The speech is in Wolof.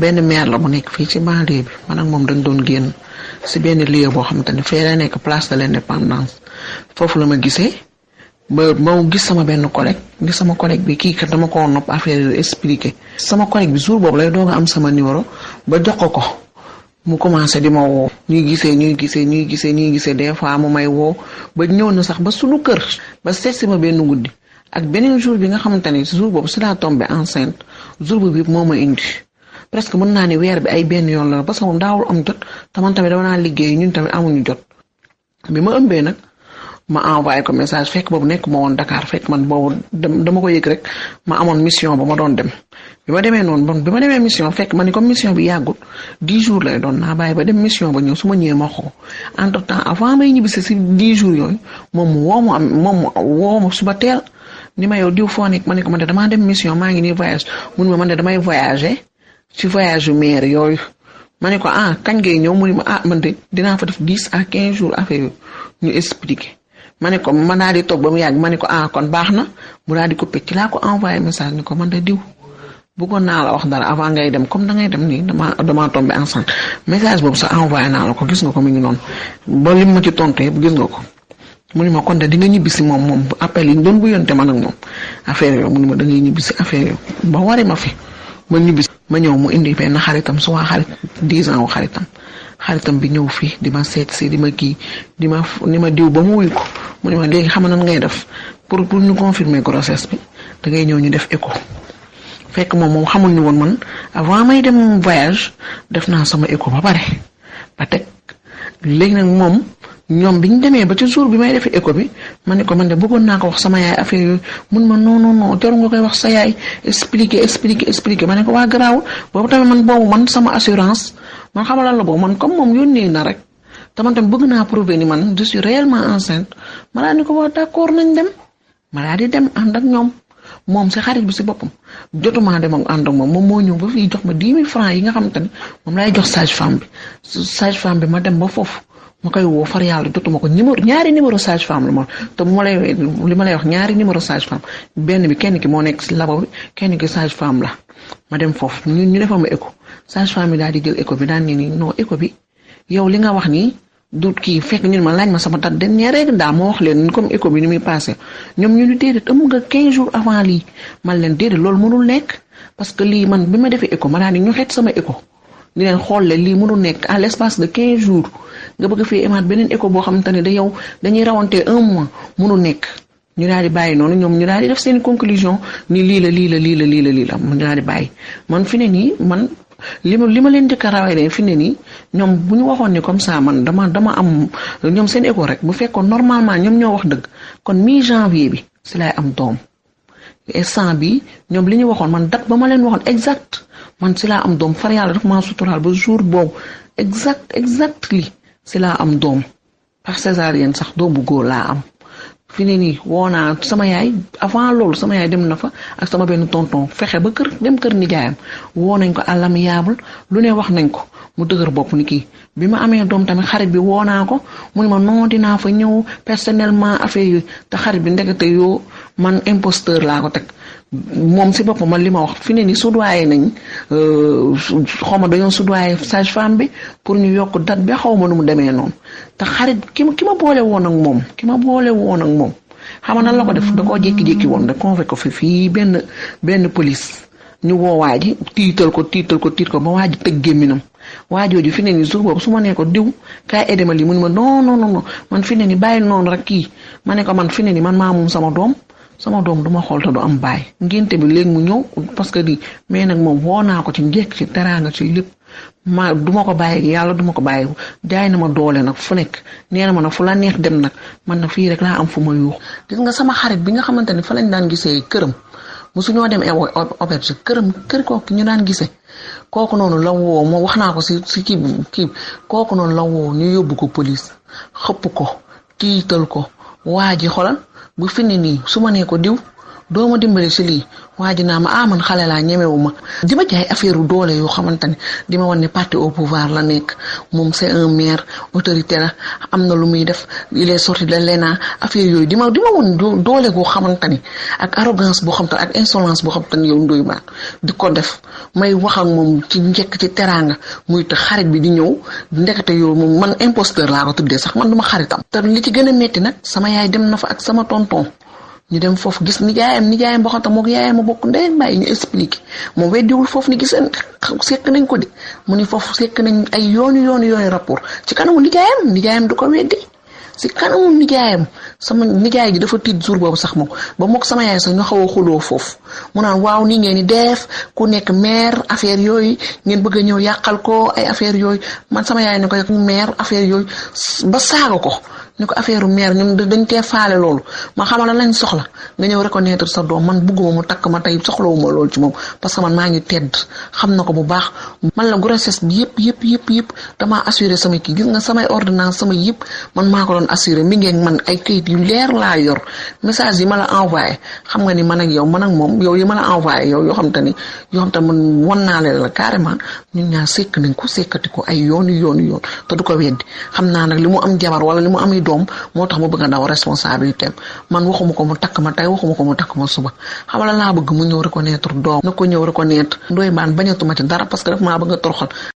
benn maire la bu nekk fii ci banlieue bi man ak moom dañ doon génn si benn lieu boo xamante ne fee la nekk place de l'indépendance foofu la ma gisee ba ma gis sama benn collègue gis sama collègue bi kii kat dama ko nopp affaire expliqué. sama collègue bi jour boobu lay doog a am sama numéro ba jox ko ko mu commencé di ma woo. ñuy gisee ñuy gisee ñuy gisee ñuy gisee des fois mu may woo ba ñëw na sax ba sunu kër. ba seet si ma benn guddi ak beneen jour bi nga xamante ne jour boobu si laa tombé enceinte jour boobu yëpp moo ma indi. presque mën naa ne weer bi ay benn yoon la parce que moom am naa liggéey ñun tamit amuñu jot bi ma ëmbee nag ma envoyé ko message fekk boobu nekk ma woon Dakar fekk man boobu dama ko yëg rek ma amoon mission ba ma doon dem bi ma demee noonu bon bi demee mission fekk ma ni comme mission bi yàggul dix jours lay doon naa bàyyi ba dem mission ba ñëw su ma ñëwee ma xoo entre temps avant may ñibbisi si dix jours yooyu moom mu woo moom mu woo suba teel ni ma yow diw foo nekk ma ne ko de dem mission maa ngi ni voyage mun ma man de damay voyager ci voyage yu maire yooyu ma ne ko ah kañ ngay ñëw mu ne ma ah man de dinaa fa def dix à quinze jours affaire yu ñu expliqué ma ne ko ma daal di toog ba mu yàgg ma ne ko ah kon baax na mu daal di coupé ci laa ko envoyé message ni ko man de diw buggoon naa la wax dara avant ngay dem comme da ngay dem nii dama dama tombé enceinte message boobu sax envoyé naa la ko gis nga ko mu ngi noonu ma ci tontu yëpp gis nga ko. mu ma kon de di nga ñibbisi moom moom appel yi ñu doon bu man ak moom affaire yooyu mu ne da ngay ñibbisi affaire yooyu ba wari ma fi. ma ñibbisi ma ñëw mu indi benn xaritam su waa xarit dix ans wu xaritam xaritam bi ñëw fii di ma seet si di ma kii di ma fu ni ma diw ba mu wuy ko mu ne ma léegi xam na ngay def pour pour ñu confirmer grossesse bi da ngay ñëw ñu def écho fekk moom moom xamul ni woon man avant may dem voyage def naa sama écho ba pare ba teg léegi nag moom ñoom bi ñu demee ba ci jour bi may defee écho bi ma ne ko man de bëggoon naa ko wax sama yaay affaire yooyu mun ma non non non koy wax sa yaay expliquer expliquer expliquer ma ne ko waa garaawul boobu tamit man boobu man sama assurance man xamalal la boobu man comme moom yónnee na rek te man tamit bëgg naa prouver ni man je suis réellement enceinte ma daal ko wax d'accord nañ dem ma daal di ànd ak ñoom moom si xarit bi si boppam jotuma dem ak ànd ak moom moo ñëw ba fii jox ma dix mille francs yi nga xam te moom laay jox sage femme bi sage femme bi ma dem ba foofu. ma koy woo far yàlla jotuma ko numéro ñaari numéro sage femme la ma te bu li ma lay wax ñaari numéro sage femme benn bi kenn ki moo nekk si labo kenn ki sage femme la ma dem foofu ñu ñu defal ma écho sage femme bi daal di jël écho bi daan ne ni non écho bi yow li nga wax nii du kii fekk ñu ma laaj ma sama date dernière rek daal ma wax leen comme éco bi nu muy passé ñoom ñu ni déedéet am nga 15 jours avant lii man leen déedéet loolu mënul nekk parce que lii man bi ma defee écho ma daal di ñu xeet sama écho. ni leen xool leen lii mënu nekk à l' espace de 15 jours nga bëgg fee émaat beneen écho boo xamante ne da yow dañuy rawante un mois mënu nekk ñu daal di bàyyi noonu ñoom ñu daal di def seen conclusion ni lii la lii la lii la lii la lii la ñu daal di bàyyi man fi ne nii man li ma li ma leen njëkk a rawee fi ne nii ñoom bu ñu waxoon ni comme ça man dama dama am ñoom seen éco rek bu fekkoon normalement ñoom ñoo wax dëgg kon mi janvier bi si laay am doom instant bi ñoom li ñu waxoon man date ba ma leen waxoon exact man si laa am doom far yàlla daf maa suturaal ba jour boobu exact exactly si laa am doom par césarienne sax doom bu góor laa am fi ne nii woo naa sama yaay avant loolu sama yaay dem na fa ak sama benn tonton fexe ba kër dem kër nijaayam woo nañ ko àllam lu ne wax nañ ko mu dëgër bopp ni kii bi ma amee doom tamit xarit bi woo naa ko mu ne ma non fa ñëw personnellement affaire yi te xarit bi ndekete yoo man imposteur laa ko teg moom si boppam man li ma wax fi ne ni soudoyé nañ euh, xaw ma dañoo soudoyé sage femme bi pour ñu yokk date bi xaw ma nu mu demee noonu te xarit ki ki ma woon ak moom ki ma boole woon ak moom xam nan la ko def da koo jékki woon da convoqué ko fii benn benn police ñu woo waa ji tiital ko tiital ko tiit ko ba waa ji tëj gémminam waa jooju fi ne ni jour boobu su ma nee diw kaay aide mu ma non non non man fi ne ni bàyyi noonu rek kii ma ne ko man fi ne ni man maa moom sama doom sama doom duma xool te du am baay ngénte bi léegi mu ñëw parce que di mais nag moom woo naa ko ci njëkk ci teraanga ci lépp ma du ma ko bàyyi yàlla du ma ko bàyyi jaay na ma doole nag fu nekk nee na ma nag fu la neex dem nag man nag fii rek laa am fu ma yuux gis nga sama xarit bi nga xamante ne fa lañ daan gisee këram mosu ñoo dem auberge këram kër kooku ñu daan gisee kooku noonu la woo wax naa ko si si kii kooku noonu la ñu yóbbu ko police xëpp ko tiital ko waa xolal bu fi ne nii su ma nee ko diw doo ma dimbale si lii waa ji naa ma ah man xale laa ñemewu ma di ma jaay affaire doole yoo xamante ne di ma wan ne parti au pouvoir la nekk moom c'est un maire autorité la am na lu muy def il sorti de l'ENA affaire yooyu di ma di ma wan doole goo xamante ni ak arrogance boo xam te ak insolence boo xam te ne yow ndoy baax di ko def may wax ak moom ci njëkk ci teraanga muy tax xarit bi di ñëw ndekete yow moom man imposteur laa ko de sax man du ma xaritam te li ci gën a metti nag sama yaay dem na fa ak sama tonton ñu dem foofu gis nijaayam nijaayam boo xam ne moom yaayam a bokk ndey bàyyi ñu expliqué moom weddiwul foofu ni gis sekk nañ ko de mu ni foofu sekk nañ ay yoonu yoonu yoonu rapport ci kanamu nijaayam nijaayam du ko weddi si kanamu sama nijaay ji dafa tiit jour boobu sax moom ba mook sama yaay sax ñu xaw xuloo foofu mu naan waaw ni ngeen di def ku nekk maire affaire yooyu ngeen bëgg a ñëw yàqal ko ay affaire yooyu man sama yaay ne ko maire affaire yooyu ba saaga ko ni ko affaire mère ñoom dañ tee faale loolu ma xamal lañ soxla nga ñëw reconnaître sa doom man bugguma mu takk ma tey soxlawuma loolu ci moom parce que man maa ngi tedd xam na ko bu baax man la grossesse bi yëpp yëpp yëpp yëpp damaa assuré sama kii gis nga samay ordonnance sama yëpp man maa ko doon assuré mi ngeeg man ay kayit yu leer laa yor message yi ma la envoyé xam nga ni man ak yow man ak moom yow yi ma la envoyé yow yoo xam te ni yoo xam te man wan naa la carrément ñun ñaar sekk nañ ko sekkati ko ay yoon yoon yoon te du ko weddi xam naa nag li mu am jabar wala li mu am doom moo tax ma bëgg a daw responsabilité man waxuma ko mu takk ma tey waxuma ko mu takk ma suba xamala laa bëgg mu ñëw reconnaître doom na ko ñëw reconnaître ndoy baan bañatuma ci dara parce que maa bëgg a